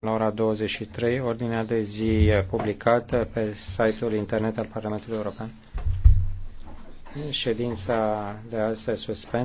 la ora 23, ordinea de zi publicată pe site-ul internet al Parlamentului European. Ședința de azi se suspendă.